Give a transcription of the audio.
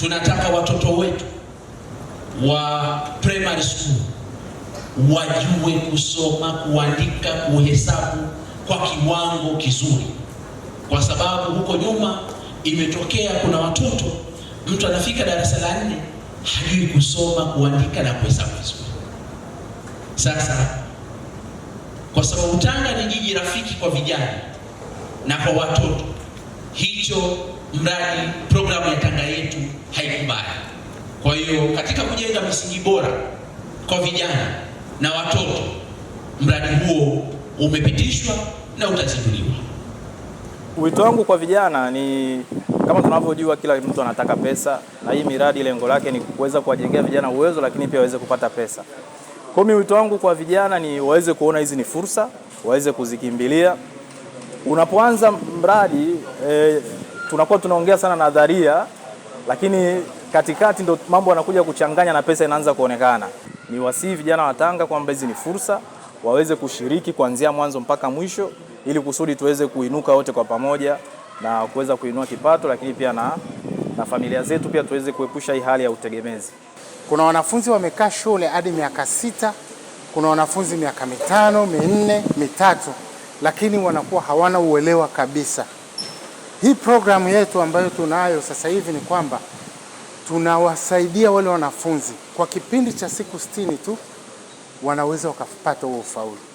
tunataka watoto wetu wa primary school wajue kusoma, kuandika, kuhesabu kwa kiwango kizuri, kwa sababu huko nyuma imetokea kuna watoto, mtu anafika darasa la nne hajui kusoma, kuandika na kuhesabu vizuri. Sasa kwa sababu Tanga ni jiji rafiki kwa vijana na kwa watoto hicho mradi programu ya Tanga Yetu haikubali. Kwa hiyo katika kujenga misingi bora kwa vijana na watoto, mradi huo umepitishwa na utazinduliwa. Wito wangu kwa vijana ni kama tunavyojua, kila mtu anataka pesa, na hii miradi lengo lake ni kuweza kuwajengea vijana uwezo, lakini pia waweze kupata pesa. Kwa hiyo wito wangu kwa vijana ni waweze kuona hizi ni fursa, waweze kuzikimbilia. Unapoanza mradi e, tunakuwa tunaongea sana nadharia, lakini katikati ndo mambo yanakuja kuchanganya na pesa inaanza kuonekana. Ni wasihi vijana wa Tanga kwamba hizi ni fursa waweze kushiriki kuanzia mwanzo mpaka mwisho, ili kusudi tuweze kuinuka wote kwa pamoja na kuweza kuinua kipato, lakini pia na, na familia zetu pia tuweze kuepusha hii hali ya utegemezi. Kuna wanafunzi wamekaa shule hadi miaka sita, kuna wanafunzi miaka mitano, minne, mitatu lakini wanakuwa hawana uelewa kabisa. Hii programu yetu ambayo tunayo sasa hivi ni kwamba tunawasaidia wale wanafunzi kwa kipindi cha siku sitini tu wanaweza wakapata huo ufaulu.